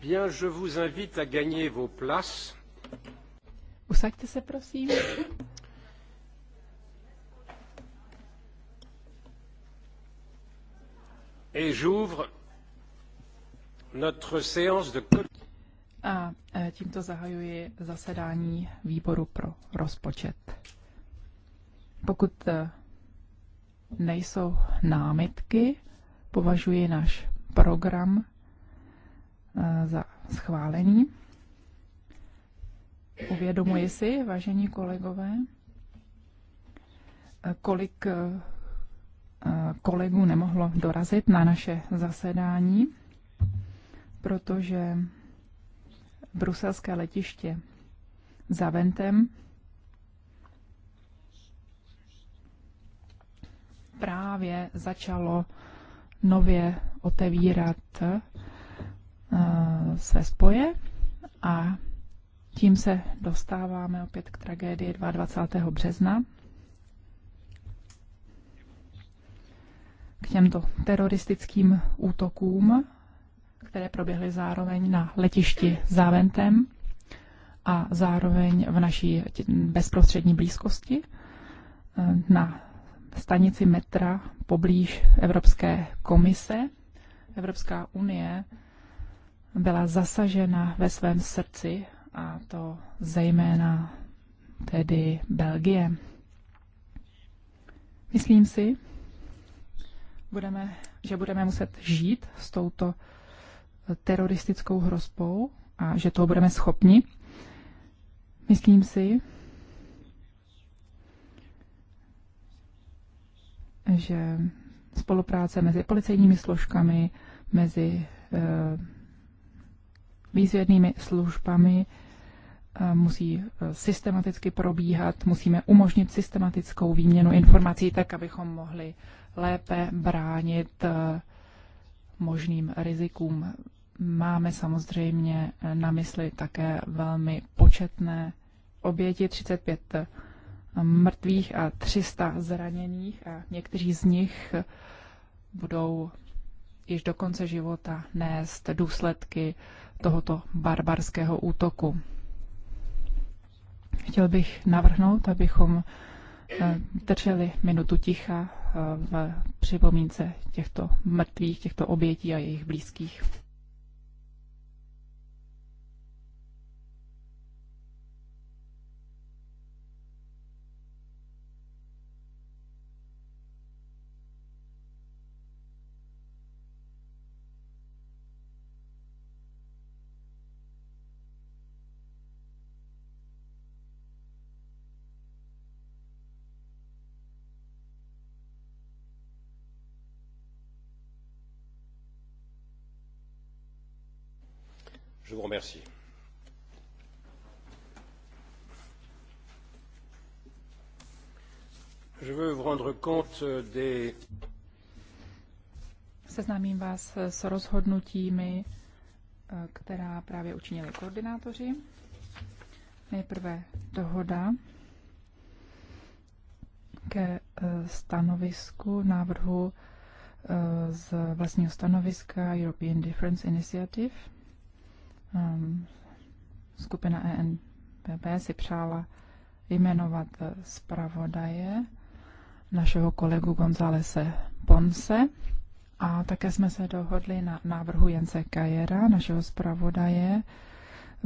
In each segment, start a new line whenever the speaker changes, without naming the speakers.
Bien, je vous invite à gagner vos places. Usaďte se, prosím. Et j'ouvre notre séance de... A e, tímto zahajuji zasedání výboru pro rozpočet. Pokud e, nejsou námitky, považuji náš program Eh, za schválení. Uvědomuji si, vážení kolegové, eh, kolik eh, kolegů nemohlo dorazit na naše zasedání, protože bruselské letiště za Ventem právě začalo nově otevírat Eh, se spoje a tím se dostáváme opět k tragédii 22. března. K těmto teroristickým útokům, které proběhly zároveň na letišti Záventem a zároveň v naší bezprostřední blízkosti eh, na stanici metra poblíž Evropské komise. Evropská unie byla zasažena ve svém srdci, a to zejména tedy Belgie. Myslím si, budeme, že budeme muset žít s touto eh, teroristickou hrozbou a že toho budeme schopni. Myslím si, že spolupráce mezi policejními složkami, mezi eh, výzvědnými službami eh, musí eh, systematicky probíhat, musíme umožnit systematickou výměnu informací tak, abychom mohli lépe bránit eh, možným rizikům. Máme samozřejmě na mysli také velmi početné oběti, 35 mrtvých a 300 zraněných a někteří z nich budou již do konce života nést důsledky tohoto barbarského útoku. Chtěl bych navrhnout, abychom eh, drželi minutu ticha eh, v připomínce těchto mrtvých, těchto obětí a jejich blízkých. vous remercie. Je veux vous rendre compte des... Seznámím vás s rozhodnutími, která právě učinili koordinátoři. Nejprve dohoda ke eh, stanovisku návrhu eh, z vlastního stanoviska European Difference Initiative. Ehm, skupina ENPP si přála jmenovat eh, zpravodaje našeho kolegu Gonzálese Ponce. A také jsme se dohodli na návrhu Jence Kajera, našeho zpravodaje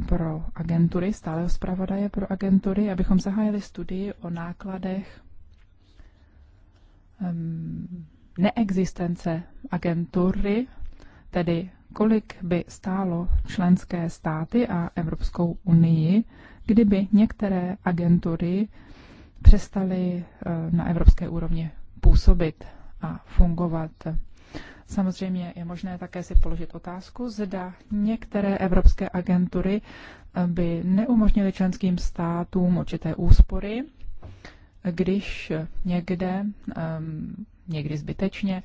pro agentury, stáleho zpravodaje pro agentury, abychom zahájili studii o nákladech um, neexistence agentury, tedy kolik by stálo členské státy a Evropskou unii, kdyby některé agentury přestaly eh, na evropské úrovni působit a fungovat. Samozřejmě je možné také si položit otázku, zda některé evropské agentury eh, by neumožnily členským státům určité úspory, když někde, ehm, někdy zbytečně,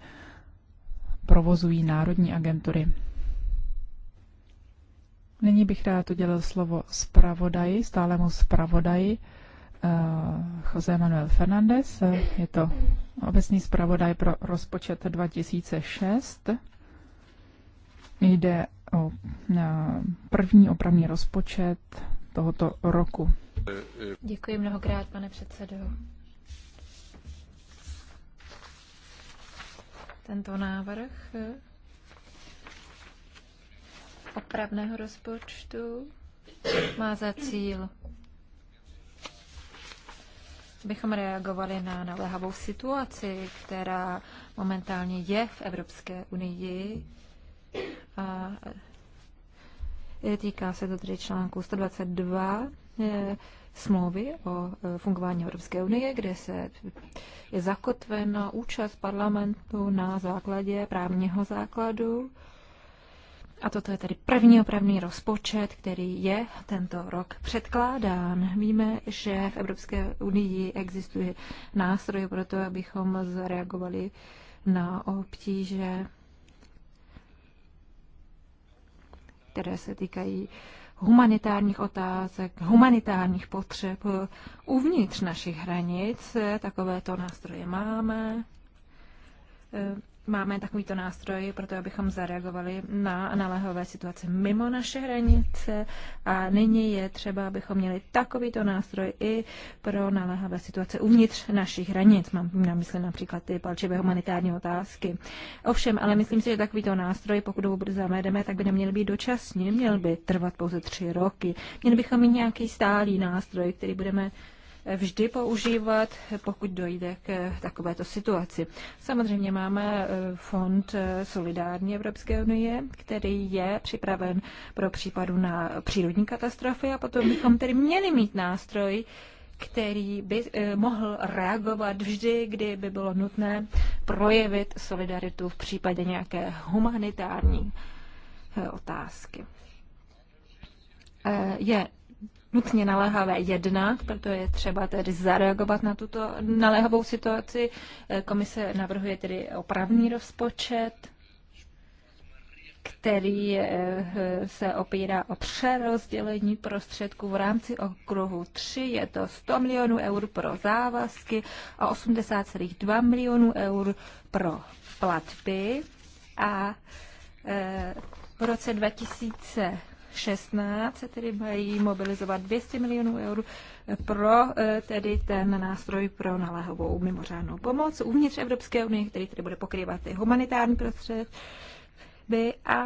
provozují národní agentury. Nyní bych rád udělal slovo zpravodaji, stálemu zpravodaji eh, Jose Manuel Fernández. Je to obecný zpravodaj pro rozpočet 2006. Jde o eh, první opravní rozpočet tohoto roku.
Děkuji mnohokrát, pane předsedo. Tento návrh opravného rozpočtu má za cíl, bychom reagovali na naléhavou situaci, která momentálně je v Evropské unii. A týká se to tedy článku 122 eh, smlouvy o eh, fungování Evropské unie, kde se je zakotvena účast parlamentu na základě právního základu a toto je tedy první opravný rozpočet, který je tento rok předkládán. Víme, že v Evropské unii existuje nástroj pro to, abychom zareagovali na obtíže, které se týkají humanitárních otázek, humanitárních potřeb uvnitř našich hranic. Takovéto nástroje máme máme takovýto nástroj, proto abychom zareagovali na naléhové situace mimo naše hranice a nyní je třeba, abychom měli takovýto nástroj i pro naléhavé situace uvnitř našich hranic. Mám na mysli například ty palčivé humanitární otázky. Ovšem, ale myslím si, že takovýto nástroj, pokud ho zavedeme, tak by neměl být dočasný, měl by trvat pouze tři roky. Měli bychom mít nějaký stálý nástroj, který budeme vždy používat, pokud dojde k takovéto situaci. Samozřejmě máme e, fond e, Solidární Evropské unie, který je připraven pro případu na přírodní katastrofy a potom bychom tedy měli mít nástroj, který by e, mohl reagovat vždy, kdy by bylo nutné projevit solidaritu v případě nějaké humanitární otázky. Je nutně naléhavé jednat, proto je třeba tedy zareagovat na tuto naléhavou situaci. Komise navrhuje tedy opravný rozpočet, který eh, se opírá o přerozdělení prostředků v rámci okruhu 3. Je to 100 milionů eur pro závazky a 80,2 milionů eur pro platby. A eh, v roce 2000 16 se tedy mají mobilizovat 200 milionů eur pro eh, tedy ten nástroj pro naléhovou mimořádnou pomoc uvnitř Evropské unie, který tedy bude pokrývat i humanitární prostřed. By a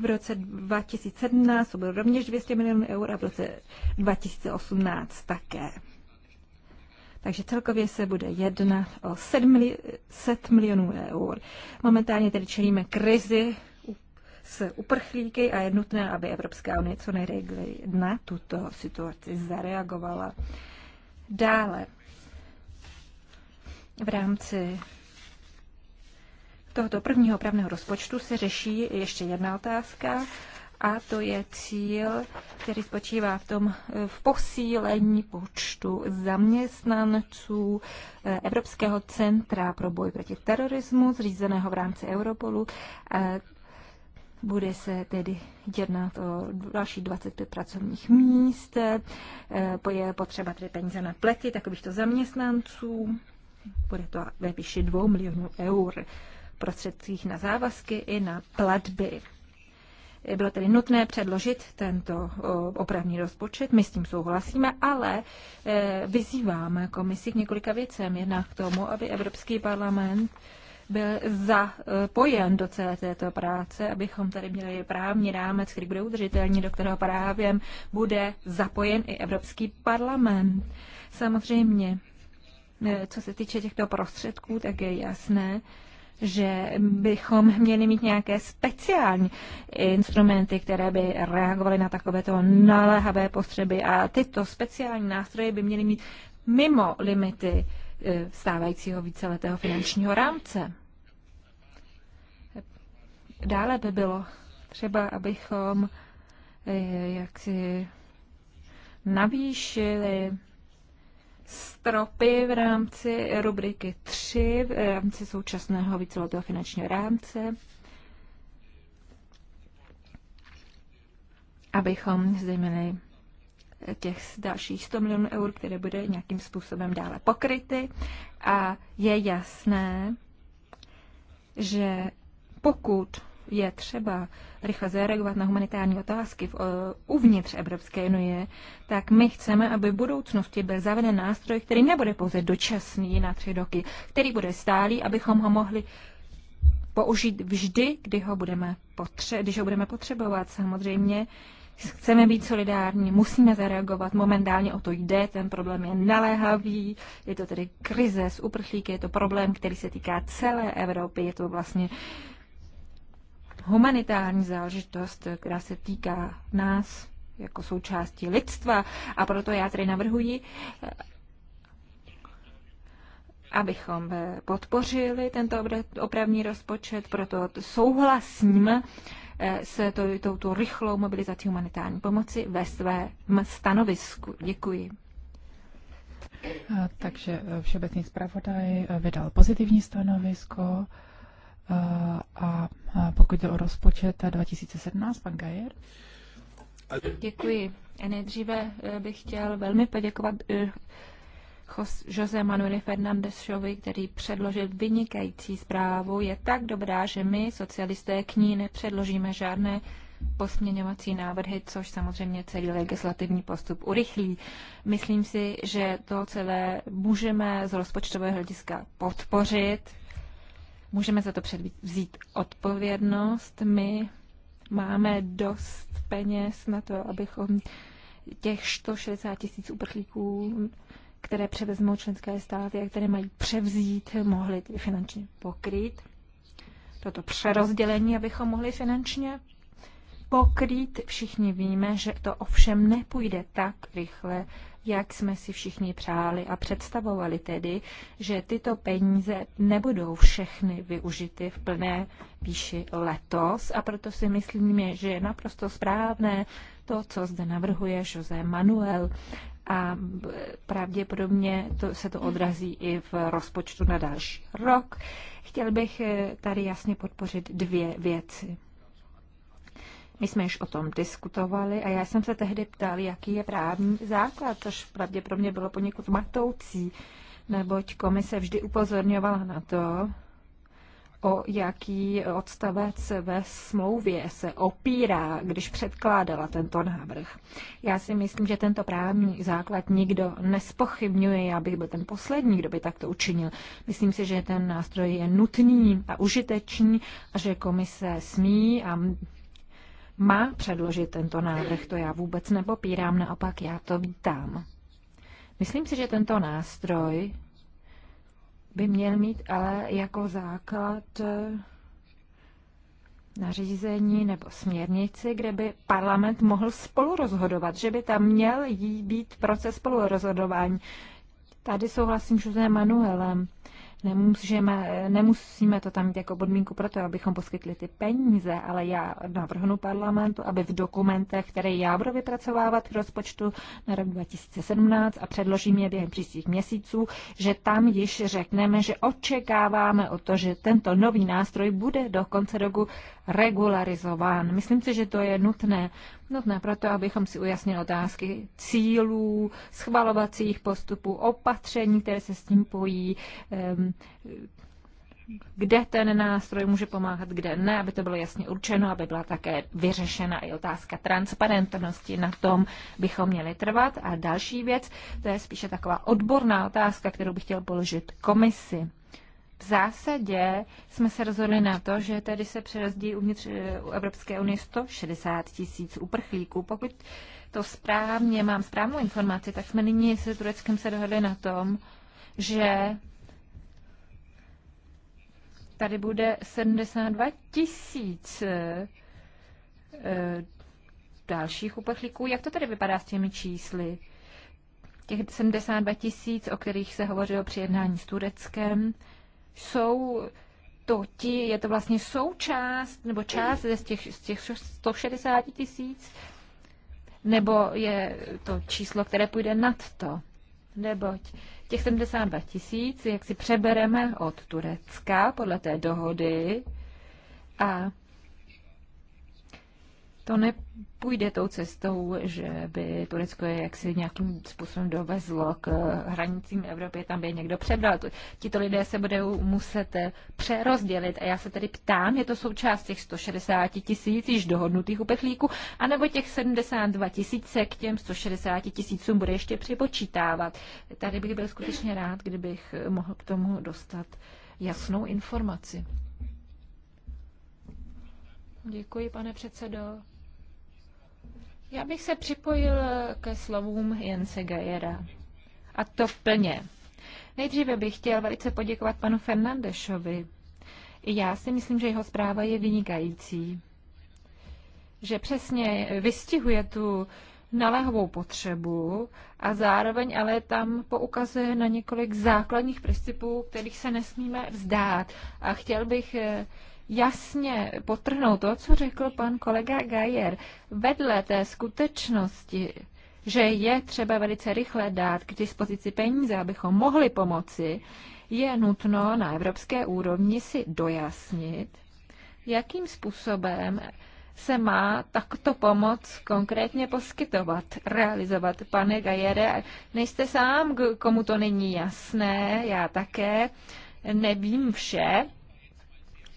v roce 2017 to bylo rovněž 200 milionů eur a v roce 2018 také. Takže celkově se bude jednat o 700 milionů eur. Momentálně tedy čelíme krizi s uprchlíky a je nutné, aby Evropská unie co nejrychleji na tuto situaci zareagovala. Dále v rámci tohoto prvního opravného rozpočtu se řeší ještě jedna otázka, a to je cíl, který spočívá v tom v posílení počtu zaměstnanců eh, Evropského centra pro boj proti terorismu, zřízeného v rámci Europolu, eh, bude se tedy jednat o další 25 pracovních míst, e, je potřeba tedy peníze na plety takovýchto zaměstnanců, bude to ve výši 2 milionů eur prostředcích na závazky i na platby. E, bylo tedy nutné předložit tento opravní rozpočet, my s tím souhlasíme, ale e, vyzýváme komisi k několika věcem. Jedná k tomu, aby Evropský parlament byl zapojen do celé této práce, abychom tady měli právní rámec, který bude udržitelný, do kterého právě bude zapojen i Evropský parlament. Samozřejmě, eh, co se týče těchto prostředků, tak je jasné, že bychom měli mít nějaké speciální instrumenty, které by reagovaly na takovéto naléhavé potřeby a tyto speciální nástroje by měly mít mimo limity eh, stávajícího víceletého finančního rámce. Dále by bylo třeba, abychom eh, jaksi navýšili stropy v rámci rubriky 3, v rámci současného víceletého finančního rámce, abychom zde měli těch dalších 100 milionů eur, které bude nějakým způsobem dále pokryty. A je jasné, že pokud je třeba rychle zareagovat na humanitární otázky v, e, uvnitř Evropské unie, tak my chceme, aby v budoucnosti byl zaveden nástroj, který nebude pouze dočasný na tři roky, který bude stálý, abychom ho mohli použít vždy, kdy ho budeme potře- když ho budeme potřebovat. Samozřejmě chceme být solidární, musíme zareagovat, momentálně o to jde, ten problém je naléhavý, je to tedy krize z uprchlíky, je to problém, který se týká celé Evropy, je to vlastně humanitární záležitost, která se týká nás jako součástí lidstva. A proto já tady navrhuji, abychom podpořili tento opravní rozpočet, proto souhlasím eh, s touto rychlou mobilizací humanitární pomoci ve svém stanovisku. Děkuji.
Eh, takže eh, všeobecný zpravodaj vydal pozitivní stanovisko a pokud jde o rozpočet 2017, pan Gajer.
Děkuji. Nejdříve eh, bych chtěl velmi poděkovat eh, Jose Manuel Fernandesovi, který předložil vynikající zprávu. Je tak dobrá, že my, socialisté, k ní nepředložíme žádné posměňovací návrhy, což samozřejmě celý legislativní postup urychlí. Myslím si, že to celé můžeme z rozpočtového hlediska podpořit, Můžeme za to vzít odpovědnost. My máme dost peněz na to, abychom těch 160 tisíc uprchlíků, které převezmou členské státy a které mají převzít, mohli finančně pokrýt. Toto přerozdělení, abychom mohli finančně pokrýt. Všichni víme, že to ovšem nepůjde tak rychle, jak jsme si všichni přáli a představovali tedy, že tyto peníze nebudou všechny využity v plné výši letos a proto si myslím, že je naprosto správné to, co zde navrhuje José Manuel a pravděpodobně to, se to odrazí i v rozpočtu na další rok. Chtěl bych eh, tady jasně podpořit dvě věci. My jsme již o tom diskutovali a já jsem se tehdy ptal, jaký je právní základ, což pravděpodobně bylo poněkud matoucí, neboť komise vždy upozorňovala na to, o jaký odstavec ve smlouvě se opírá, když předkládala tento návrh. Já si myslím, že tento právní základ nikdo nespochybňuje. Já bych byl ten poslední, kdo by takto učinil. Myslím si, že ten nástroj je nutný a užitečný a že komise smí a má předložit tento návrh, to já vůbec nepopírám, naopak já to vítám. Myslím si, že tento nástroj by měl mít ale jako základ eh, nařízení nebo směrnici, kde by parlament mohl spolu rozhodovat, že by tam měl jít být proces spolu rozhodování. Tady souhlasím s Manuelem. Nemusíme, nemusíme to tam mít jako podmínku pro to, abychom poskytli ty peníze, ale já navrhnu parlamentu, aby v dokumentech, které já budu vypracovávat k rozpočtu na rok 2017 a předložím je během příštích měsíců, že tam již řekneme, že očekáváme o to, že tento nový nástroj bude do konce roku regularizován. Myslím si, že to je nutné. Nutné proto, abychom si ujasnili otázky cílů, schvalovacích postupů, opatření, které se s tím pojí, kde ten nástroj může pomáhat, kde ne, aby to bylo jasně určeno, aby byla také vyřešena i otázka transparentnosti. Na tom bychom měli trvat. A další věc, to je spíše taková odborná otázka, kterou bych chtěl položit komisi. V zásadě jsme se rozhodli na to, že tady se přerozdí uvnitř eh, Evropské unie 160 tisíc uprchlíků. Pokud to správně, mám správnou informaci, tak jsme nyní se Tureckem se dohodli na tom, že tady bude 72 tisíc eh, eh, dalších uprchlíků. Jak to tady vypadá s těmi čísly? Těch 72 tisíc, o kterých se hovořilo při jednání s Tureckem, jsou to ti, je to vlastně součást nebo část z těch, z těch 160 tisíc, nebo je to číslo, které půjde nad to. Neboť těch 72 tisíc, jak si přebereme od Turecka podle té dohody a to nepůjde tou cestou, že by Turecko je jaksi nějakým způsobem dovezlo k hranicím Evropy, tam by je někdo přebral. Tito lidé se budou muset eh, přerozdělit a já se tedy ptám, je to součást těch 160 tisíc již dohodnutých uprchlíků, anebo těch 72 tisíc k těm 160 tisícům bude ještě připočítávat. Tady bych byl skutečně rád, kdybych mohl k tomu dostat jasnou informaci. Děkuji, pane předsedo. Já bych se připojil eh, ke slovům Jense Gajera. A to plně. Nejdříve bych chtěl velice poděkovat panu Fernandešovi. I já si myslím, že jeho zpráva je vynikající. Že přesně vystihuje tu naléhovou potřebu a zároveň ale tam poukazuje na několik základních principů, kterých se nesmíme vzdát. A chtěl bych eh, jasně potrhnout to, co řekl pan kolega Gajer. Vedle té skutečnosti, že je třeba velice rychle dát k dispozici peníze, abychom mohli pomoci, je nutno na evropské úrovni si dojasnit, jakým způsobem se má takto pomoc konkrétně poskytovat, realizovat. Pane Gajere, nejste sám, komu to není jasné, já také nevím vše,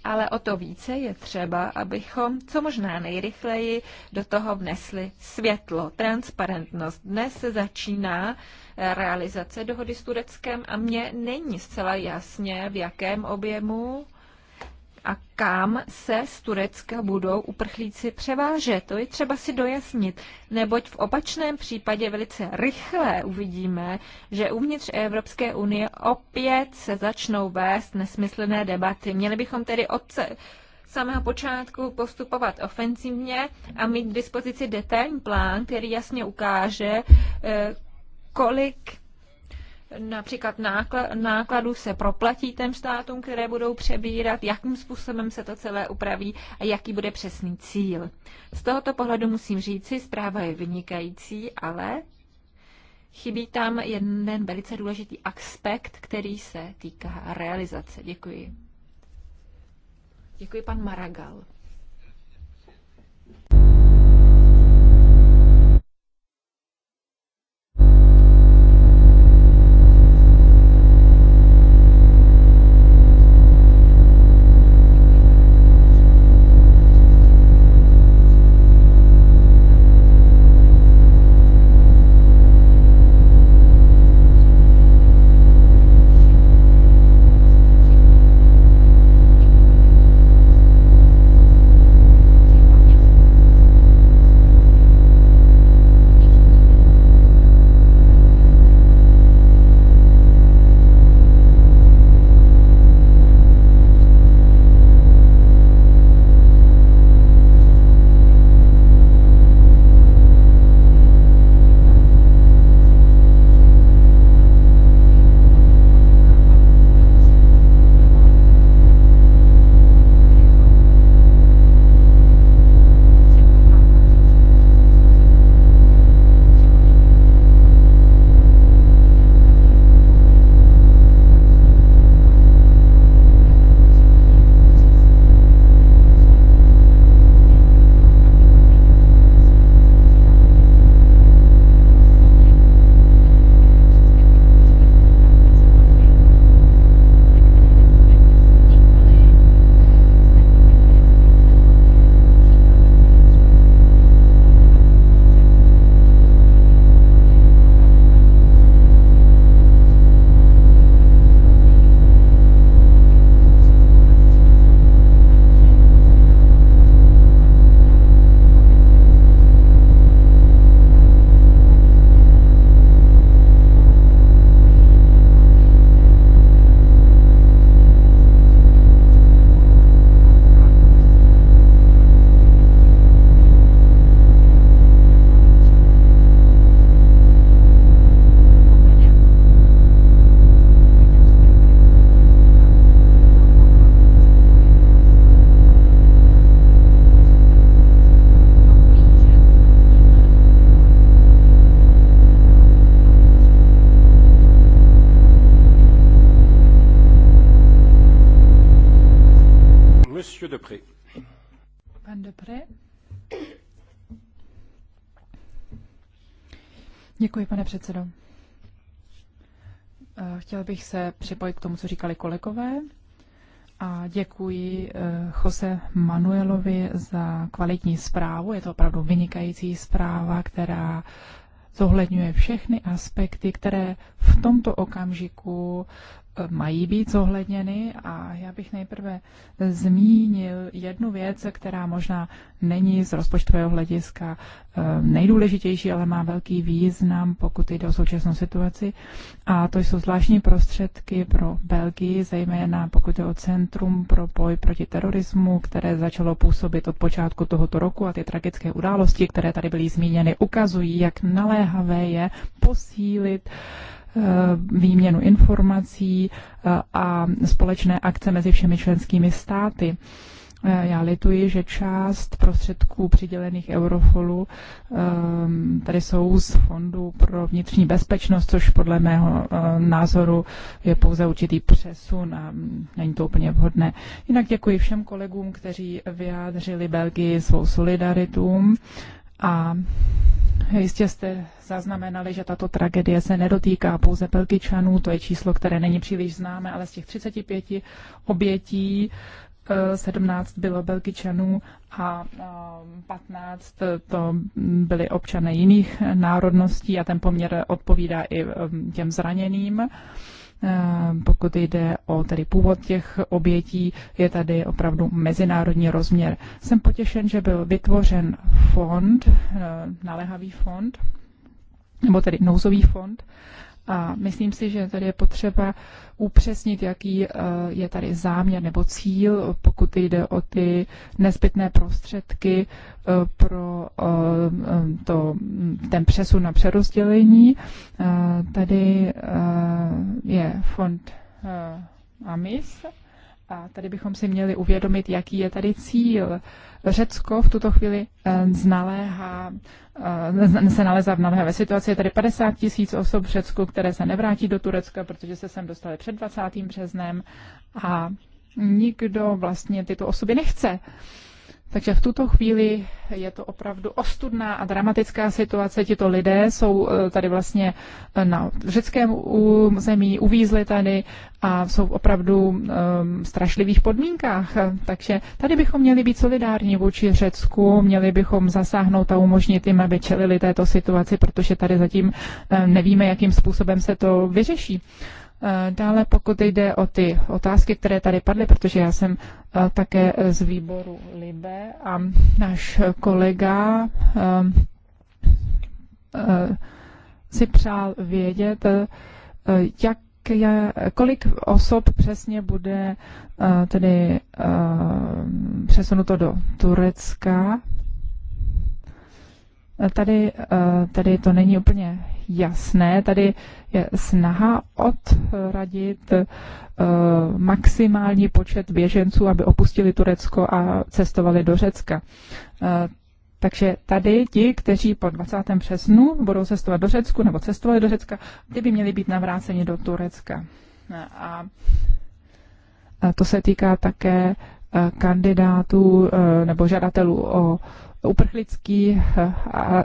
ale o to více je třeba, abychom co možná nejrychleji do toho vnesli světlo, transparentnost. Dnes se začíná eh, realizace dohody s Tureckem a mně není zcela jasně, v jakém objemu a kam se z Turecka budou uprchlíci převážet. To je třeba si dojasnit, neboť v opačném případě velice rychle uvidíme, že uvnitř Evropské unie opět se začnou vést nesmyslné debaty. Měli bychom tedy od samého počátku postupovat ofensivně a mít k dispozici detailní plán, který jasně ukáže, eh, kolik například nákladů se proplatí těm státům, které budou přebírat, jakým způsobem se to celé upraví a jaký bude přesný cíl. Z tohoto pohledu musím říci, zpráva je vynikající, ale chybí tam jeden velice důležitý aspekt, který se týká realizace. Děkuji. Děkuji pan Maragal.
Děkuji, pane předsedo. Eh, Chtěla bych se připojit k tomu, co říkali kolegové a děkuji eh, Jose Manuelovi za kvalitní zprávu. Je to opravdu vynikající zpráva, která zohledňuje všechny aspekty, které v tomto okamžiku mají být zohledněny a já bych nejprve zmínil jednu věc, která možná není z rozpočtového hlediska eh, nejdůležitější, ale má velký význam, pokud jde o současnou situaci. A to jsou zvláštní prostředky pro Belgii, zejména pokud jde o Centrum pro boj proti terorismu, které začalo působit od počátku tohoto roku a ty tragické události, které tady byly zmíněny, ukazují, jak naléhavé je posílit uh, Eh, výměnu informací eh, a společné akce mezi všemi členskými státy. Eh, já lituji, že část prostředků přidělených Eurofolu tady jsou z Fondu pro vnitřní bezpečnost, což podle mého názoru je pouze určitý přesun a není to úplně vhodné. Jinak děkuji všem kolegům, kteří vyjádřili Belgii svou solidaritu a jistě jste zaznamenali, že tato tragédie se nedotýká pouze Belgičanů, to je číslo, které není příliš známé, ale z těch 35 obětí 17 eh, bylo Belgičanů a 15 eh, eh, to byli občané jiných národností a ten poměr odpovídá i těm zraněným. Eh, pokud jde o tedy původ těch obětí, je tady opravdu mezinárodní rozměr. Jsem potěšen, že byl vytvořen fond, eh, naléhavý fond, nebo tedy nouzový fond, a myslím si, že tady je potřeba upřesnit, jaký eh, je tady záměr nebo cíl, pokud jde o ty nezbytné prostředky eh, pro eh, to, ten přesun na přerozdělení. Tady je fond AMIS a tady bychom si měli uvědomit, jaký je tady cíl Řecko v tuto chvíli znaléhá, eh, eh, se nalézá v naléhavé situaci. Je tady 50 tisíc osob v Řecku, které se nevrátí do Turecka, protože se sem dostali před 20. březnem a nikdo vlastně tyto osoby nechce. Takže v tuto chvíli je to opravdu ostudná a dramatická situace. Tito lidé jsou eh, tady vlastně eh, na řeckém území, uvízli tady a jsou opravdu um, strašlivých podmínkách. Takže tady bychom měli být solidární vůči Řecku, měli bychom zasáhnout a umožnit jim, aby čelili této situaci, protože tady zatím eh, nevíme, jakým způsobem se to vyřeší. Eh, dále, pokud jde o ty otázky, které tady padly, protože já jsem eh, také z výboru Libe a náš kolega ehm, eh, si přál vědět, jak je, kolik osob přesně bude tedy přesunuto do Turecka. Tady, tady to není úplně jasné. Tady je snaha odradit eh, maximální počet běženců, aby opustili Turecko a cestovali do Řecka. Eh, takže tady ti, kteří po 20. přesnu budou cestovat do Řecku nebo cestovali do Řecka, ty by měli být navráceni do Turecka. Eh, a to se týká také kandidátů nebo žadatelů o uprchlický eh,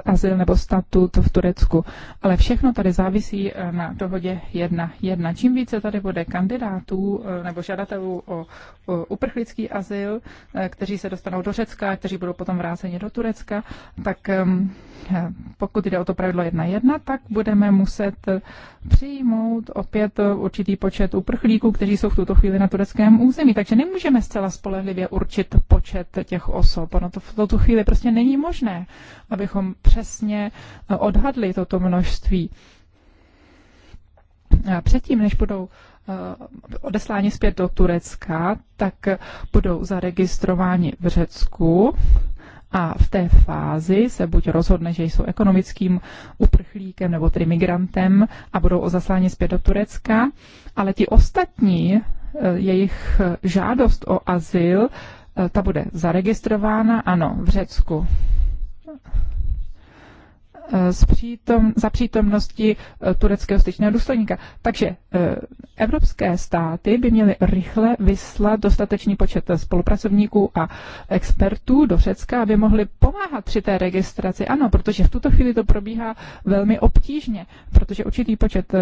azyl nebo statut v Turecku. Ale všechno tady závisí eh, na dohodě jedna jedna. Čím více tady bude kandidátů eh, nebo žadatelů o, o uprchlický azyl, kteří se dostanou do Řecka, kteří budou potom vráceni do Turecka, tak ehm, pokud jde o to pravidlo jedna jedna, tak budeme muset přijmout opět určitý počet uprchlíků, kteří jsou v tuto chvíli na tureckém území. Takže nemůžeme zcela spolehlivě určit počet těch osob. Ono to v tuto chvíli prostě prostě není možné, abychom přesně eh, odhadli toto množství. A předtím, než budou eh, odesláni zpět do Turecka, tak budou zaregistrováni v Řecku a v té fázi se buď rozhodne, že jsou ekonomickým uprchlíkem nebo tedy migrantem a budou zasláni zpět do Turecka, ale ti ostatní, eh, jejich žádost o azyl ta bude zaregistrována, ano, v Řecku. Eh, s přítom, za přítomnosti eh, tureckého styčného důstojníka. Takže eh, evropské státy by měly rychle vyslat dostatečný počet spolupracovníků a expertů do Řecka, aby mohli pomáhat při té registraci. Ano, protože v tuto chvíli to probíhá velmi obtížně, protože určitý počet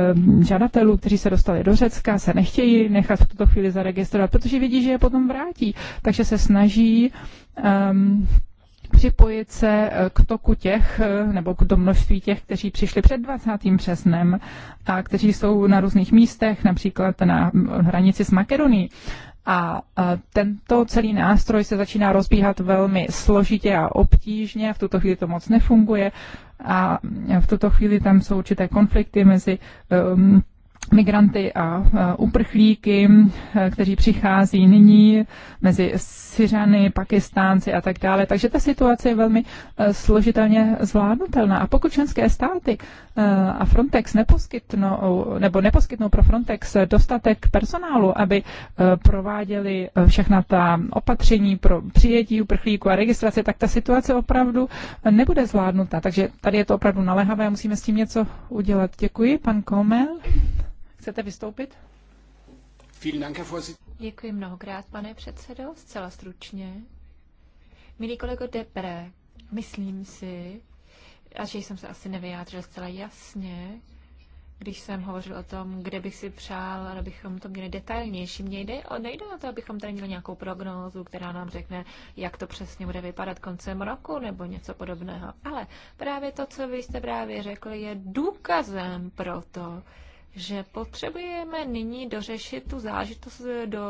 žadatelů, kteří se dostali do Řecka, se nechtějí nechat v tuto chvíli zaregistrovat, protože vidí, že je potom vrátí. Takže se snaží um, připojit se eh, k toku těch, eh, nebo k množství těch, kteří přišli před 20. přesnem a kteří jsou na různých místech, například na hranici s Makedonií. A tento celý nástroj se začíná rozbíhat velmi složitě a obtížně, v tuto chvíli to moc nefunguje a v tuto chvíli tam jsou určité konflikty mezi um, migranty a uprchlíky, e, kteří přichází nyní mezi Syřany, Pakistánci a tak dále. Takže ta situace je velmi e, složitelně zvládnutelná. A pokud členské státy e, a Frontex neposkytnou, nebo neposkytnou pro Frontex dostatek personálu, aby prováděli všechna ta opatření pro přijetí uprchlíků a registraci, tak ta situace opravdu nebude zvládnutá. Takže tady je to opravdu naléhavé a musíme s tím něco udělat. Děkuji, pan Komel.
Chcete vystoupit? Děkuji mnohokrát, pane předsedo, zcela stručně. Milý kolego Depre, myslím si, a že jsem se asi nevyjádřil zcela jasně, když jsem hovořil o tom, kde bych si přál, abychom to měli detailnější. Mně jde, o, nejde o to, abychom tady měli nějakou prognózu, která nám řekne, jak to přesně bude vypadat koncem roku nebo něco podobného. Ale právě to, co vy jste právě řekli, je důkazem pro to, že potřebujeme nyní dořešit tu zážitost do,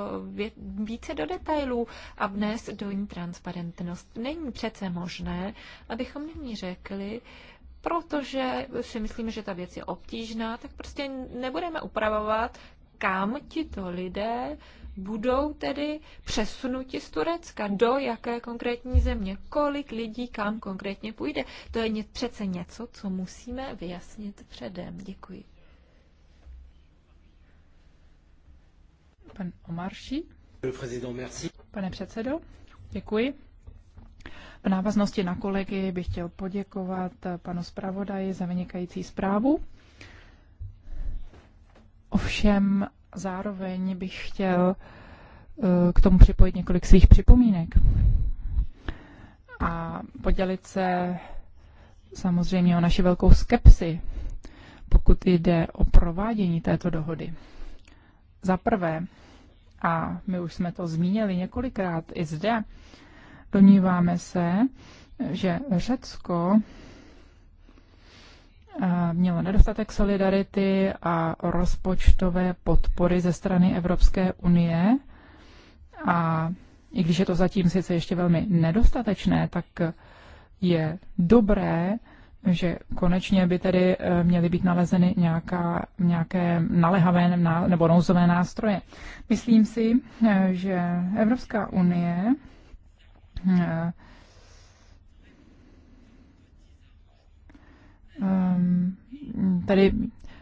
více do detailů a vnést do ní transparentnost. Není přece možné, abychom nyní řekli, protože si myslíme, že ta věc je obtížná, tak prostě nebudeme upravovat, kam tito lidé budou tedy přesunuti z Turecka, do jaké konkrétní země, kolik lidí kam konkrétně půjde. To je přece něco, co musíme vyjasnit předem. Děkuji. Pan Omarší.
Pane předsedo, děkuji. V návaznosti na kolegy bych chtěl poděkovat panu zpravodaji za vynikající zprávu. Ovšem zároveň bych chtěl eh, k tomu připojit několik svých připomínek a podělit se samozřejmě o naši velkou skepsi, pokud jde o provádění této dohody. Za prvé, a my už jsme to zmínili několikrát i zde, doníváme se, že Řecko eh, mělo nedostatek solidarity a rozpočtové podpory ze strany Evropské unie. A i když je to zatím sice ještě velmi nedostatečné, tak je dobré, že konečně by tedy eh, měly být nalezeny nějaká, nějaké nalehavé nebo nouzové nástroje. Myslím si, eh, že Evropská unie eh, ehm, tady,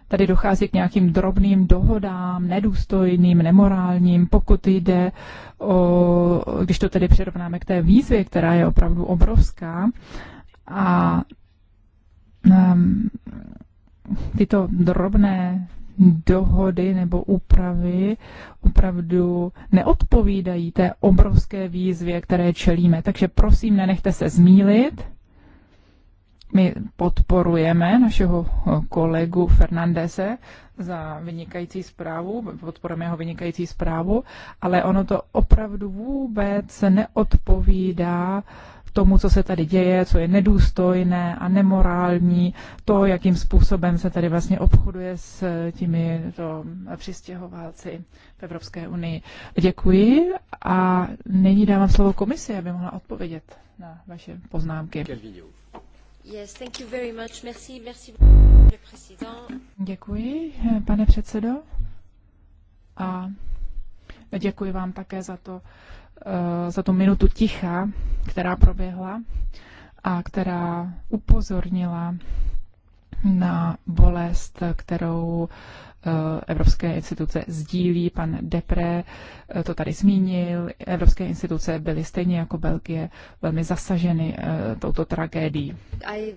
tady dochází k nějakým drobným dohodám, nedůstojným, nemorálním, pokud jde o, když to tedy přirovnáme k té výzvě, která je opravdu obrovská, a Ehm, tyto drobné dohody nebo úpravy opravdu neodpovídají té obrovské výzvě, které čelíme. Takže prosím, nenechte se zmílit. My podporujeme našeho eh, kolegu Fernandese za vynikající zprávu, podporujeme jeho vynikající zprávu, ale ono to opravdu vůbec neodpovídá uh, tomu, co se tady děje, co je nedůstojné a nemorální, to, jakým způsobem se tady vlastně obchoduje s těmi to, přistěhovalci v Evropské unii. Děkuji a nyní dávám slovo komisi, aby mohla odpovědět na vaše poznámky. Děkuji, pane předsedo. A děkuji vám také za to, Eh, za tu minutu ticha, která proběhla a která upozornila na bolest, kterou eh, evropské instituce sdílí. Pan Depre eh, to tady zmínil. Evropské instituce byly stejně jako Belgie velmi zasaženy touto tragédií. I...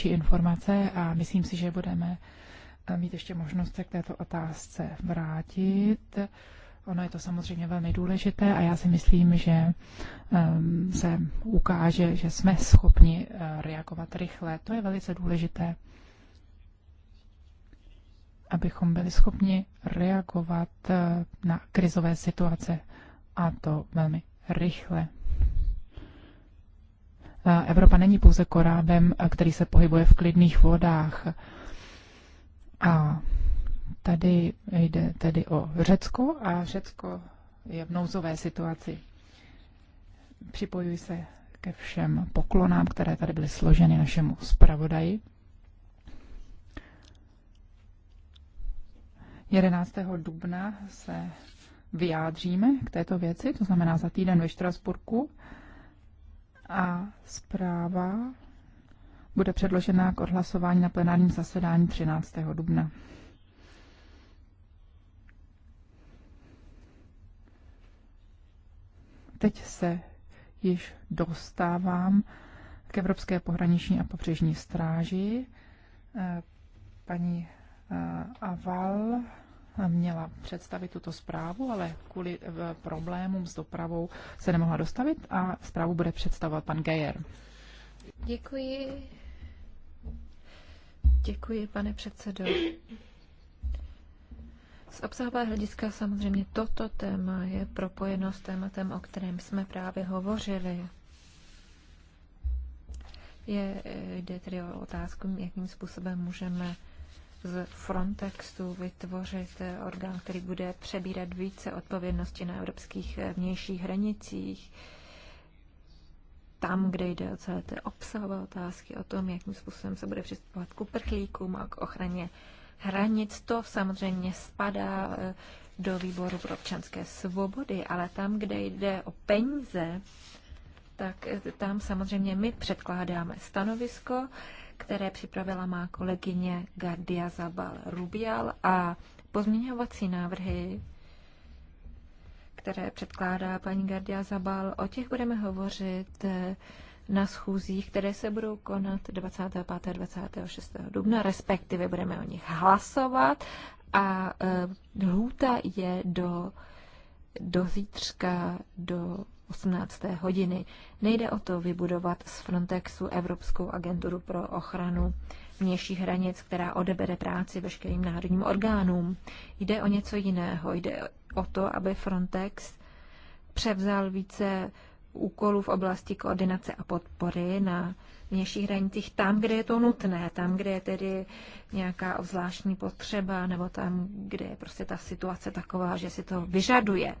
další informace a myslím si, že budeme eh, mít ještě možnost se k této otázce vrátit. Ono je to samozřejmě velmi důležité a já si myslím, že ehm, se ukáže, že jsme schopni eh, reagovat rychle. To je velice důležité, abychom byli schopni reagovat eh, na krizové situace a to velmi rychle. Evropa není pouze korábem, který se pohybuje v klidných vodách. A tady jde tedy o Řecko a Řecko je v nouzové situaci. Připojuji se ke všem poklonám, které tady byly složeny našemu zpravodaji. 11. dubna se vyjádříme k této věci, to znamená za týden ve Štrasburku a zpráva bude předložena k odhlasování na plenárním zasedání 13. dubna. Teď se již dostávám k Evropské pohraniční a pobřežní stráži. Eh, paní eh, Aval měla představit tuto zprávu, ale kvůli eh, problémům s dopravou se nemohla dostavit a zprávu bude představovat pan Gejer.
Děkuji. Děkuji, pane předsedo. Z obsahové hlediska samozřejmě toto téma je propojeno s tématem, o kterém jsme právě hovořili. Je, eh, jde tedy o otázku, jakým způsobem můžeme v Frontexu vytvořit eh, orgán, který bude přebírat více odpovědnosti na evropských eh, vnějších hranicích, tam, kde jde o celé ty obsahové otázky, o tom, jakým způsobem se bude přistupovat k uprchlíkům a k ochraně hranic. To samozřejmě spadá eh, do výboru pro občanské svobody, ale tam, kde jde o peníze, tak tam samozřejmě my předkládáme stanovisko, které připravila má kolegyně Gardia Zabal Rubial a pozměňovací návrhy, které předkládá paní Gardia Zabal, o těch budeme hovořit eh, na schůzích, které se budou konat 25. a 26. dubna, respektive budeme o nich hlasovat a eh, lhůta je do, do zítřka do 18. hodiny. Nejde o to vybudovat z Frontexu Evropskou agenturu pro ochranu vnějších hranic, která odebere práci veškerým národním orgánům. Jde o něco jiného. Jde o to, aby Frontex převzal více úkolů v oblasti koordinace a podpory na vnějších hranicích tam, kde je to nutné, tam, kde je tedy nějaká zvláštní potřeba nebo tam, kde je prostě ta situace taková, že si to vyžaduje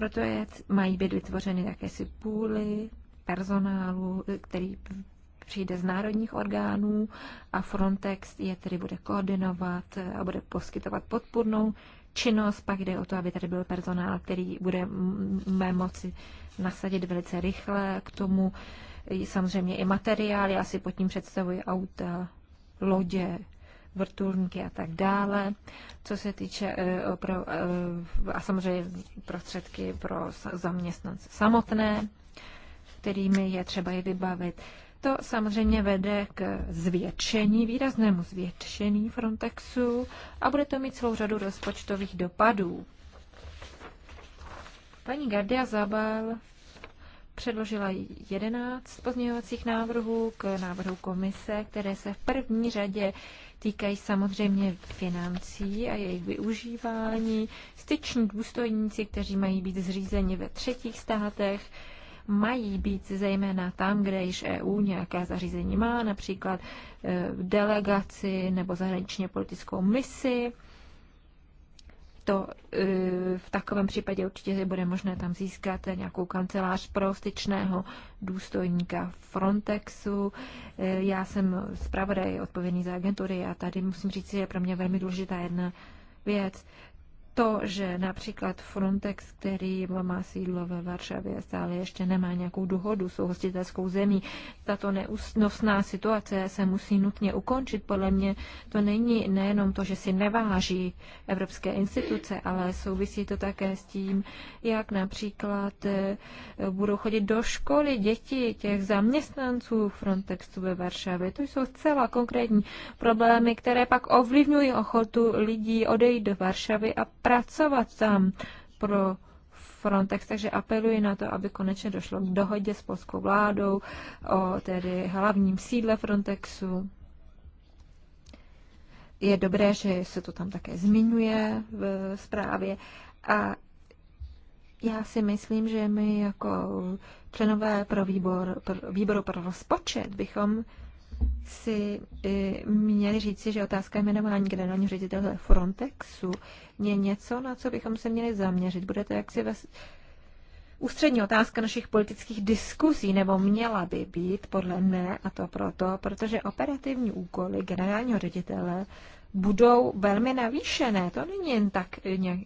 proto je, mají být vytvořeny jakési půly personálu, který přijde z národních orgánů a Frontex je tedy bude koordinovat a bude poskytovat podpůrnou činnost. Pak jde o to, aby tady byl personál, který bude moci nasadit velice rychle k tomu. Samozřejmě i materiály, já si pod tím představuji auta, lodě, vrtulníky a tak dále. Co se týče eh, oprav, eh, a samozřejmě prostředky pro zaměstnance samotné, kterými je třeba je vybavit. To samozřejmě vede k zvětšení, výraznému zvětšení Frontexu a bude to mít celou řadu rozpočtových dopadů. Paní Gardia Zabal předložila 11 pozměňovacích návrhů k návrhu komise, které se v první řadě týkají samozřejmě financí a jejich využívání. Styční důstojníci, kteří mají být zřízeni ve třetích státech, mají být zejména tam, kde již EU nějaké zařízení má, například eh, delegaci nebo zahraničně politickou misi to eh, v takovém případě určitě bude možné tam získat nějakou kancelář pro styčného důstojníka Frontexu. Eh, já jsem zpravodaj odpovědný za agentury a tady musím říct, že je pro mě velmi důležitá jedna věc to, že například Frontex, který má sídlo ve Varšavě, stále ještě nemá nějakou dohodu s hostitelskou zemí, tato neúnosná situace se musí nutně ukončit. Podle mě to není nejenom to, že si neváží evropské instituce, ale souvisí to také s tím, jak například eh, budou chodit do školy děti těch zaměstnanců Frontexu ve Varšavě. To jsou zcela konkrétní problémy, které pak ovlivňují ochotu lidí odejít do Varšavy a pracovat tam pro Frontex, takže apeluji na to, aby konečně došlo k dohodě s polskou vládou o tedy hlavním sídle Frontexu. Je dobré, že se to tam také zmiňuje v zprávě a já si myslím, že my jako členové pro výbor, pro výboru pro rozpočet bychom si eh, měli říci, že otázka jmenování generálního ředitele Frontexu je něco, na co bychom se měli zaměřit. Bude to jaksi ve ústřední otázka našich politických diskuzí, nebo měla by být, podle mě a to proto, protože operativní úkoly generálního ředitele budou velmi navýšené. To není jen tak nějak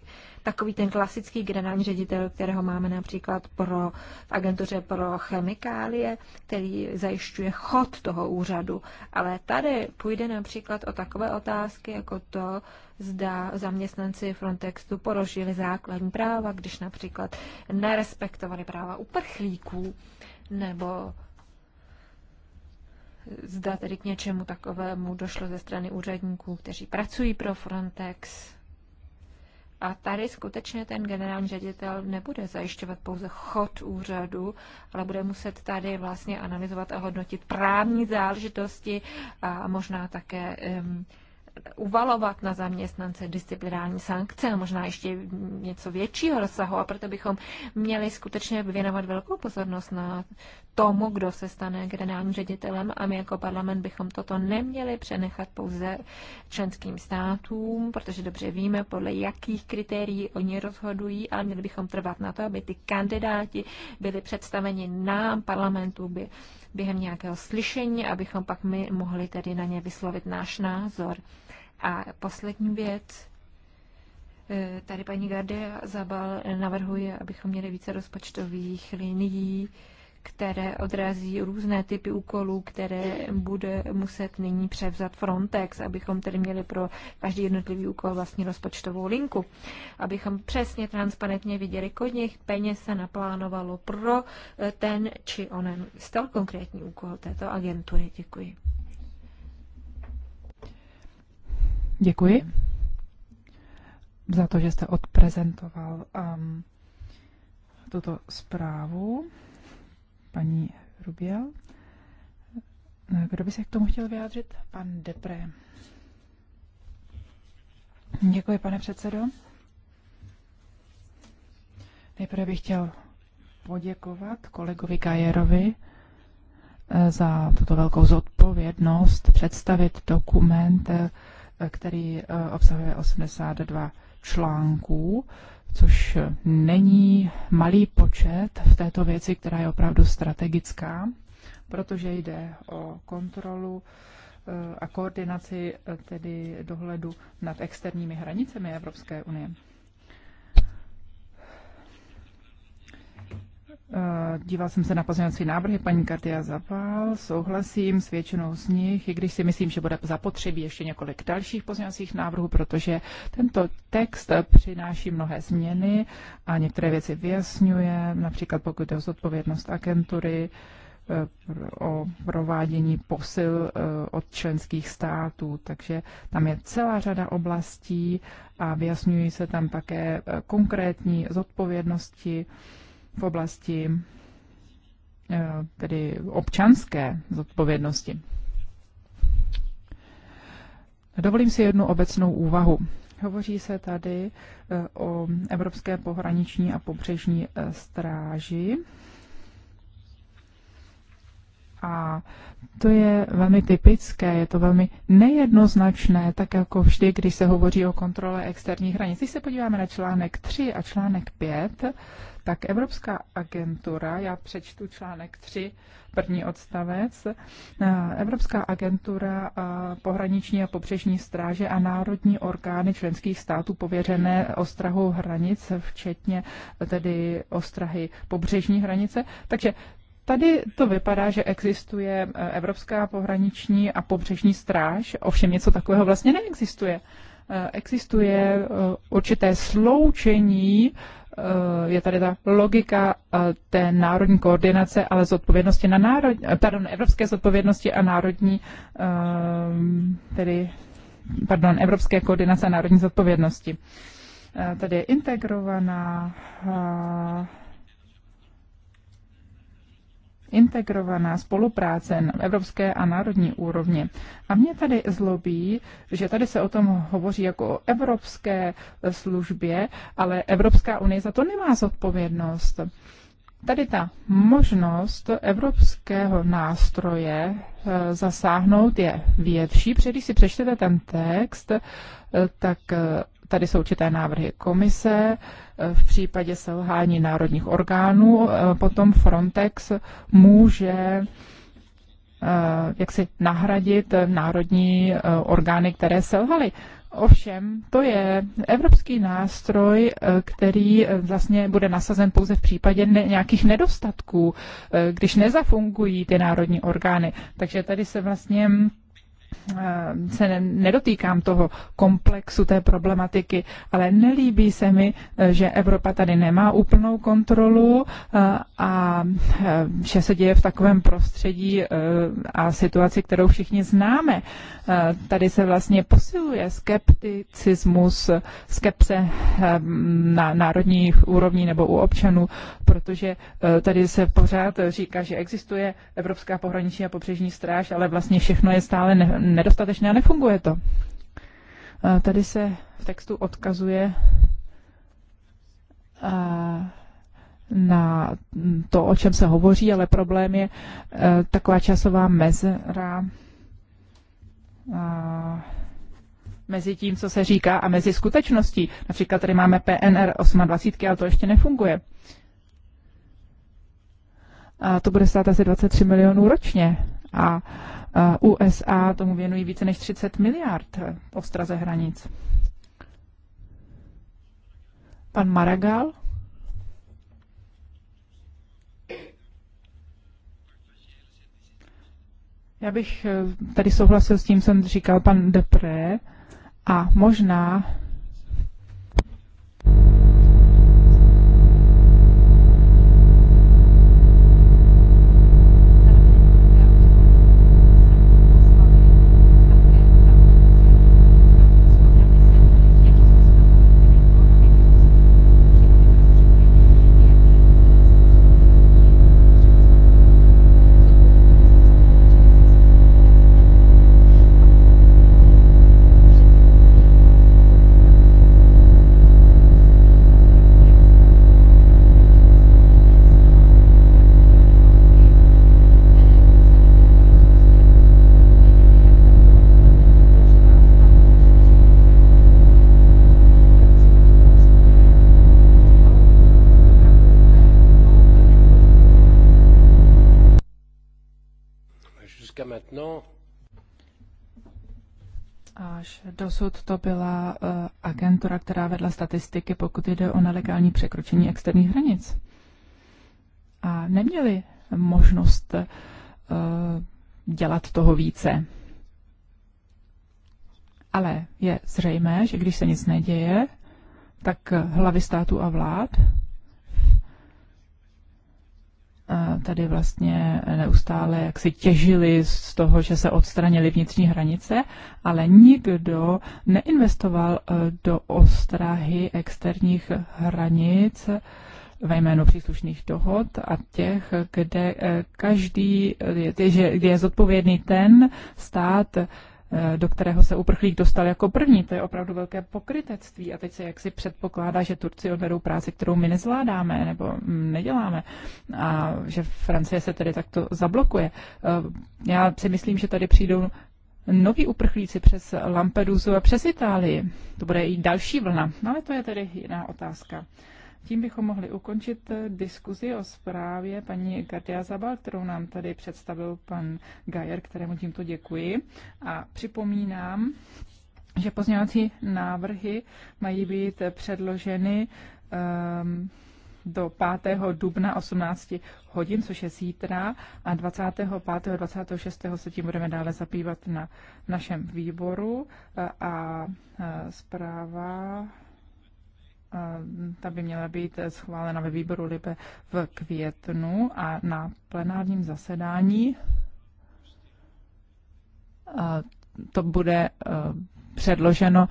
takový ten klasický generální ředitel, kterého máme například pro, v agentuře pro chemikálie, který zajišťuje chod toho úřadu. Ale tady půjde například o takové otázky, jako to, zda zaměstnanci Frontextu porožili základní práva, když například nerespektovali práva uprchlíků, nebo zda tedy k něčemu takovému došlo ze strany úředníků, kteří pracují pro Frontex. A tady skutečně ten generální ředitel nebude zajišťovat pouze chod úřadu, ale bude muset tady vlastně analyzovat a hodnotit právní záležitosti a možná také um, uvalovat na zaměstnance disciplinární sankce a možná ještě něco většího rozsahu a proto bychom měli skutečně věnovat velkou pozornost na tomu, kdo se stane generálním ředitelem a my jako parlament bychom toto neměli přenechat pouze členským státům, protože dobře víme, podle jakých kritérií oni rozhodují, ale měli bychom trvat na to, aby ty kandidáti byli představeni nám, parlamentu, by během nějakého slyšení, abychom pak my mohli tedy na ně vyslovit náš názor. A poslední věc, e, tady paní Gardia Zabal navrhuje, abychom měli více rozpočtových linií, které odrazí různé typy úkolů, které bude muset nyní převzat Frontex, abychom tedy měli pro každý jednotlivý úkol vlastně rozpočtovou linku. Abychom přesně transparentně viděli, kolik peněz se naplánovalo pro e, ten či onen stal konkrétní úkol této agentury. Děkuji.
Děkuji mm. za to, že jste odprezentoval um, tuto zprávu, paní Rubiel. Kdo by se k tomu chtěl vyjádřit? Pan Depré. Děkuji, pane předsedo. Nejprve bych chtěl poděkovat kolegovi Kajerovi eh, za tuto velkou zodpovědnost představit dokument, eh, který eh, obsahuje 82 článků, což není malý počet v této věci, která je opravdu strategická, protože jde o kontrolu eh, a koordinaci eh, tedy dohledu nad externími hranicemi Evropské unie. Eh, díval jsem se na pozměňovací návrhy paní Katia Zapal, souhlasím s většinou z nich, i když si myslím, že bude zapotřebí ještě několik dalších pozměňovacích návrhů, protože tento text přináší mnohé změny a některé věci vyjasňuje, například pokud je o zodpovědnost agentury, eh, o provádění posil eh, od členských států. Takže tam je celá řada oblastí a vyjasňují se tam také konkrétní zodpovědnosti v oblasti eh, tedy občanské zodpovědnosti. Dovolím si jednu obecnou úvahu. Hovoří se tady eh, o Evropské pohraniční a pobřežní eh, stráži a to je velmi typické, je to velmi nejednoznačné, tak jako vždy, když se hovoří o kontrole externích hranic. Když se podíváme na článek 3 a článek 5, tak Evropská agentura, já přečtu článek 3, první odstavec, eh, Evropská agentura eh, pohraniční a pobřežní stráže a národní orgány členských států pověřené ostrahou hranic, včetně tedy ostrahy pobřežní hranice. Takže Tady to vypadá, že existuje e, Evropská pohraniční a pobřežní stráž, ovšem něco takového vlastně neexistuje. E, existuje e, určité sloučení, je tady ta logika té národní koordinace, ale zodpovědnosti na národ, pardon, evropské zodpovědnosti a národní, tedy, pardon, evropské koordinace a národní zodpovědnosti. Tady je integrovaná integrovaná spolupráce na evropské a národní úrovni. A mě tady zlobí, že tady se o tom hovoří jako o evropské službě, ale Evropská unie za to nemá zodpovědnost. Tady ta možnost evropského nástroje eh, zasáhnout je větší, protože když si přečtete ten text, eh, tak eh, tady jsou určité návrhy komise, eh, v případě selhání národních orgánů, eh, potom Frontex může eh, jak si nahradit národní orgány, které selhaly. Ovšem, to je evropský nástroj, který vlastně bude nasazen pouze v případě nějakých nedostatků, když nezafungují ty národní orgány. Takže tady se vlastně mm, Eh, se nedotýkám toho komplexu té problematiky, ale nelíbí se mi, eh, že Evropa tady nemá úplnou kontrolu eh, a vše se děje v takovém prostředí a situaci, kterou všichni známe. Tady se vlastně posiluje skepticismus, skepse na národních úrovní nebo u občanů, protože tady se pořád říká, že existuje Evropská pohraniční a pobřežní stráž, ale vlastně všechno je stále ne nedostatečné a nefunguje to. Tady se v textu odkazuje na to, o čem se hovoří, ale problém je e, taková časová mezera mezi tím, co se říká a mezi skutečností. Například tady máme PNR 28, ale to ještě nefunguje. A to bude stát asi 23 milionů ročně. A Eh, USA tomu věnují více než 30 miliard eh, ostraze hranic. Pan Maragal? Já bych eh, tady souhlasil s tím, co říkal pan Depré, a možná Dosud to byla eh, agentura, která vedla statistiky, pokud jde o nelegální překročení externích hranic. A neměli možnost eh, dělat toho více. Ale je zřejmé, že když se nic neděje, tak hlavy států a vlád tady vlastně neustále jak si těžili z toho, že se odstranily vnitřní hranice, ale nikdo neinvestoval e, do ostrahy externích hranic ve jménu příslušných dohod a těch, kde e, každý, kde je zodpovědný ten stát, Eh, do kterého se uprchlík dostal jako první. To je opravdu velké pokrytectví a teď se jaksi předpokládá, že Turci odvedou práci, kterou my nezvládáme nebo neděláme a že Francie se tedy takto zablokuje. Eh, já si myslím, že tady přijdou noví uprchlíci přes Lampedusu a přes Itálii. To bude i další vlna, no ale to je tedy jiná otázka. Tím bychom mohli ukončit eh, diskuzi o zprávě paní Gardia Zabal, kterou nám tady představil pan Gajer, kterému tímto děkuji. A připomínám, že pozměňovací návrhy mají být předloženy um, do 5. dubna 18 hodin, což je zítra, a 25. a 26. se tím budeme dále zabývat na našem výboru a zpráva Mm, ta by měla být schválena ve výboru Libe v květnu a na plenárním zasedání to bude předloženo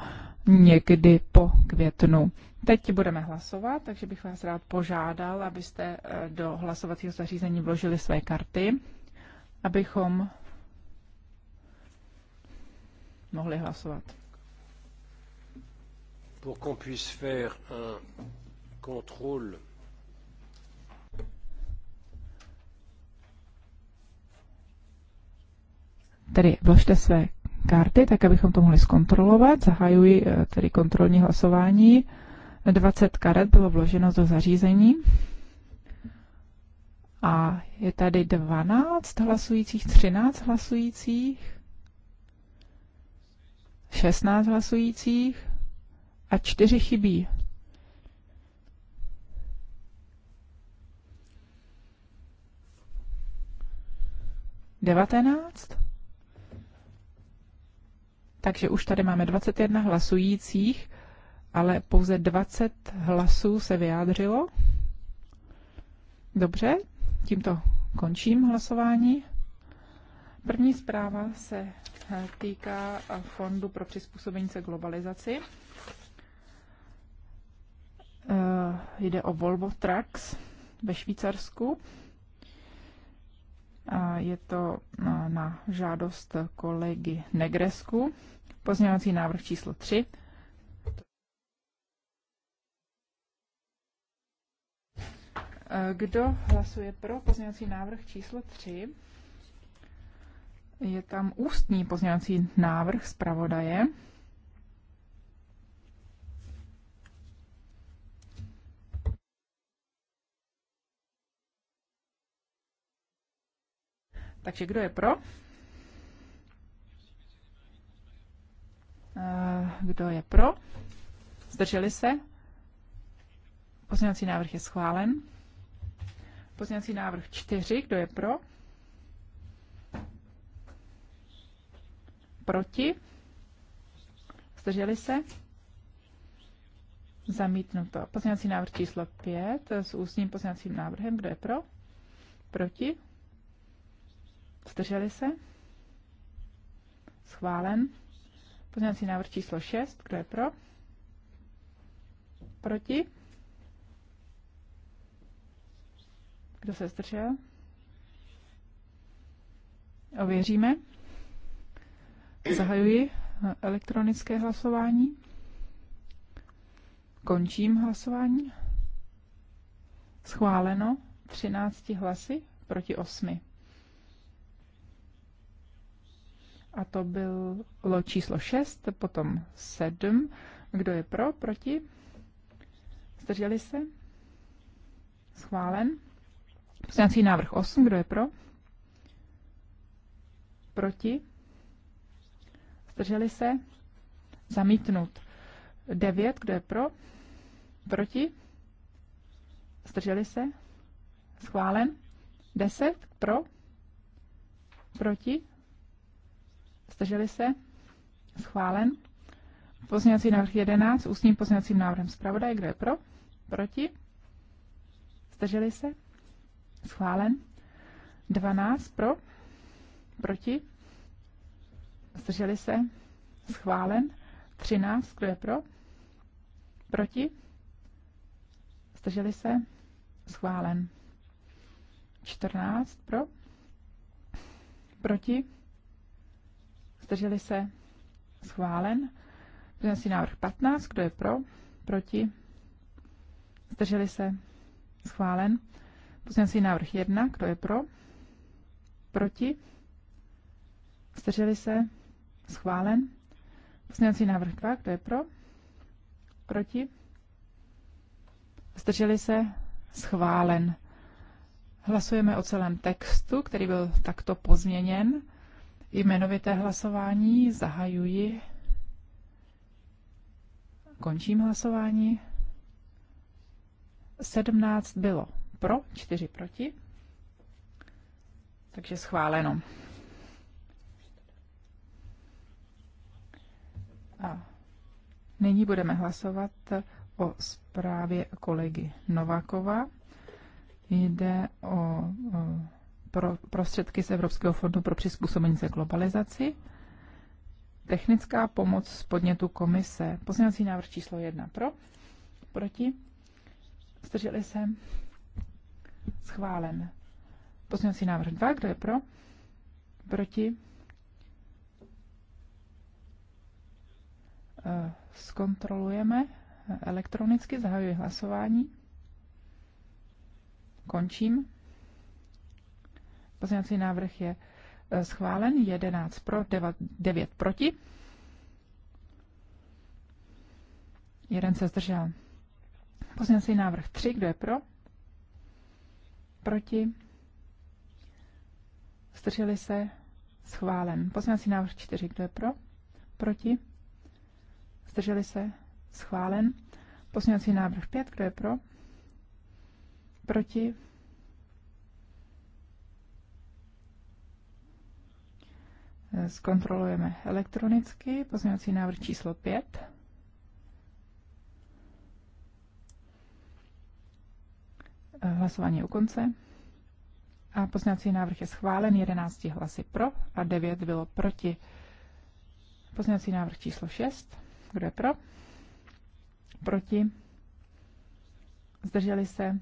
někdy po květnu. Teď budeme hlasovat, takže bych vás rád požádal, abyste do hlasovacího zařízení vložili své karty, abychom mohli hlasovat pour qu'on puisse faire un contrôle Tedy vložte své karty, tak abychom to mohli zkontrolovat. Zahajuji eh, tedy kontrolní hlasování. 20 karet bylo vloženo do zařízení. A je tady 12 hlasujících, 13 hlasujících, 16 hlasujících, a čtyři chybí. Devatenáct. Takže už tady máme 21 hlasujících, ale pouze 20 hlasů se vyjádřilo. Dobře, tímto končím hlasování. První zpráva se eh, týká eh, Fondu pro přizpůsobení se globalizaci jde o Volvo Trucks ve Švýcarsku. A je to na žádost kolegy Negresku. Pozměňovací návrh číslo 3. Kdo hlasuje pro pozměňovací návrh číslo 3? Je tam ústní pozměňovací návrh zpravodaje. pravodaje. Takže kdo je pro? Eh, kdo je pro? Zdrželi se? Pozměňovací návrh je schválen. Pozměňovací návrh 4. Kdo je pro? Proti? Zdrželi se? Zamítnuto. Pozměňovací návrh číslo 5 s ústním pozměňovacím návrhem. Kdo je pro? Proti? Zdrželi se? Schválen. Pozměňovací návrh číslo 6. Kdo je pro? Proti? Kdo se zdržel? Ověříme. Zahajuji elektronické hlasování. Končím hlasování. Schváleno 13 hlasy proti 8. a to bylo číslo 6, potom 7. Kdo je pro, proti? Zdrželi se? Schválen. Poslanecký návrh 8, kdo je pro? Proti? Zdrželi se? Zamítnut. 9, kdo je pro? Proti? Zdrželi se? Schválen. 10, pro? Proti? Zdrželi se? Schválen. Pozměňovací návrh 11 ústním pozměňovacím návrhem zpravodaje. Kdo je pro? Proti? Zdrželi se? Schválen. 12 pro? Proti? Zdrželi se? Schválen. 13. Kdo je pro? Proti? Zdrželi se? Schválen. 14 pro? Proti? Zdrželi se? Schválen. Pozměňovací návrh 15. Kdo je pro? Proti? Zdrželi se? Schválen. Pozměňovací návrh 1. Kdo je pro? Proti? Zdrželi se? Schválen. Pozměňovací návrh 2. Kdo je pro? Proti? Zdrželi se? Schválen. Hlasujeme o celém textu, který byl takto pozměněn jmenovité hlasování. Zahajuji. Končím hlasování. 17 bylo pro, 4 proti. Takže schváleno. A nyní budeme hlasovat o zprávě kolegy Novakova. Jde o, o pro prostředky z Evropského fondu pro přizpůsobení se globalizaci. Technická pomoc z podnětu komise. Pozměňovací návrh číslo jedna pro, proti, zdrželi se, schválen. Pozměňovací návrh dva. kdo je pro, proti, eh, zkontrolujeme elektronicky, zahajuji hlasování, končím. Pozměňovací návrh je eh, schválen, 11 pro, 9, proti. Jeden se zdržel. Pozměňovací návrh 3, kdo je pro? Proti? Zdrželi se? Schválen. Pozměňovací návrh 4, kdo je pro? Proti? Zdrželi se? Schválen. Pozměňovací návrh 5, kdo je pro? Proti? zkontrolujeme elektronicky. Pozměňovací návrh číslo 5. Hlasování u konce. A pozměňovací návrh je schválen 11 hlasy pro a 9 bylo proti. Pozměňovací návrh číslo 6. Kdo je pro? Proti? Zdrželi se?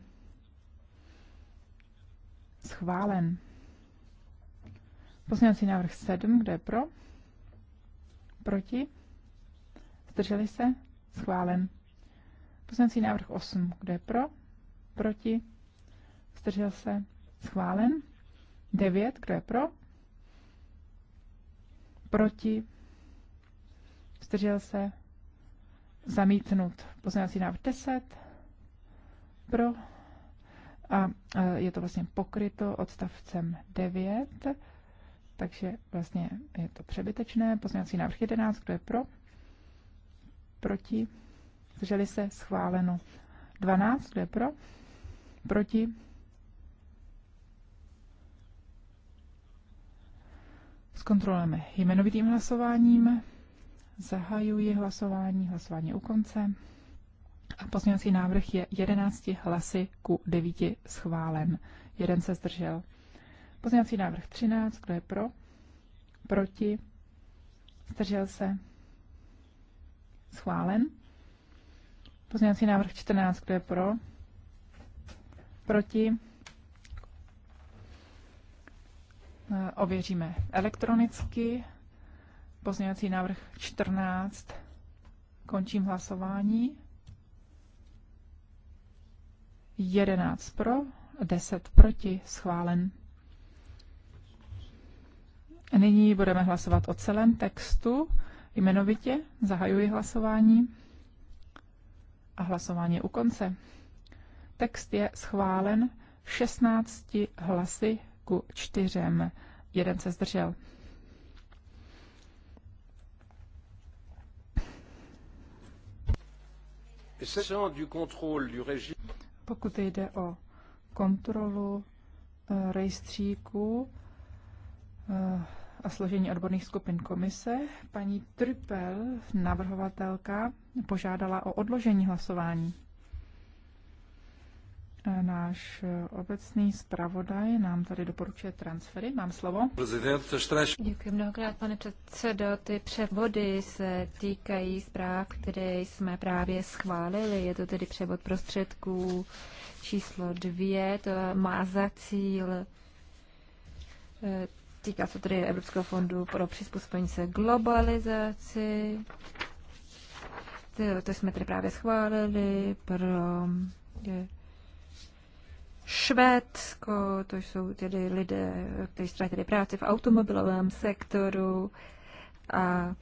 Schválen. Pozměňovací návrh 7, kdo je pro? Proti? Zdrželi se? Schválen. Poslanecí návrh 8. Kdo je pro? Proti? Zdržel se? Schválen. 9. Kdo je pro? Proti? Zdržel se? Zamítnut. Poslanecí návrh 10. Pro? A e, je to vlastně pokryto odstavcem 9. Takže vlastně je to přebytečné. Pozměňovací návrh 11, kdo je pro? Proti? Zdrželi se? Schváleno. 12, kdo je pro? Proti? Zkontrolujeme jmenovitým hlasováním. Zahajuji hlasování, hlasování u konce. A pozměňovací návrh je 11 hlasy ku 9 schválen. Jeden se zdržel. Pozměňovací návrh 13, kdo je pro? Proti? Zdržel se? Schválen. Pozměňovací návrh 14, kdo je pro? Proti? Eh, ověříme elektronicky. Pozměňovací návrh 14. Končím hlasování. 11 pro, 10 proti, schválen. Nyní budeme hlasovat o celém textu jmenovitě. Zahajuji hlasování a hlasování je u konce. Text je schválen 16 hlasy ku čtyřem. Jeden se zdržel. Pokud jde o kontrolu eh, rejstříku, eh, a složení odborných skupin komise, paní Trypel, navrhovatelka, požádala o odložení hlasování. Náš obecný zpravodaj nám tady doporučuje transfery. Mám slovo.
Děkuji mnohokrát, pane předsedo. Ty převody se týkají zpráv, které jsme právě schválili. Je to tedy převod prostředků číslo dvě. To má za cíl eh, Týká se tedy Evropského fondu pro přizpůsobení se globalizaci. To jsme tedy právě schválili pro je, Švédsko, to jsou tedy lidé, kteří ztratili práci v automobilovém sektoru a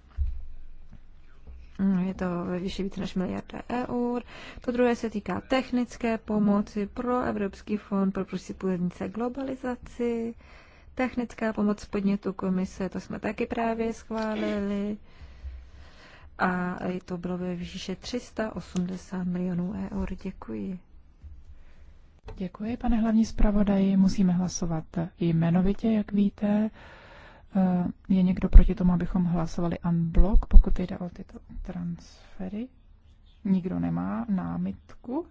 je to vyšší více než miliarda eur. To druhé se týká technické pomoci pro Evropský fond pro prostě se globalizaci. Technická pomoc podnětu komise, to jsme taky právě schválili. A to bylo ve výše 380 milionů eur. Děkuji.
Děkuji, pane hlavní zpravodaji. Musíme hlasovat jmenovitě, jak víte. Eh, je někdo proti tomu, abychom hlasovali unblock, pokud jde o tyto transfery? Nikdo nemá námitku.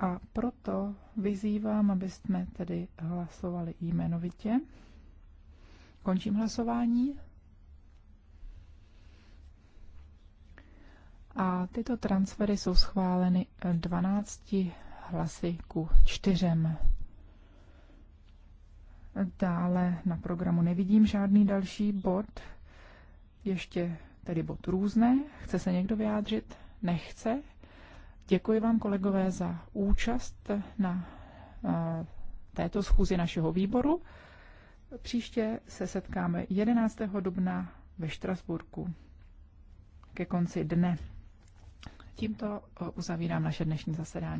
A proto vyzývám, abyste tedy hlasovali jmenovitě. Končím hlasování. A tyto transfery jsou schváleny 12 hlasy ku čtyřem. Dále na programu nevidím žádný další bod. Ještě tedy bod různé. Chce se někdo vyjádřit? Nechce. Děkuji vám, kolegové, za účast na eh, této schůzi našeho výboru. Příště se setkáme 11. dubna ve Štrasburku ke konci dne. Tímto eh, uzavírám naše dnešní zasedání.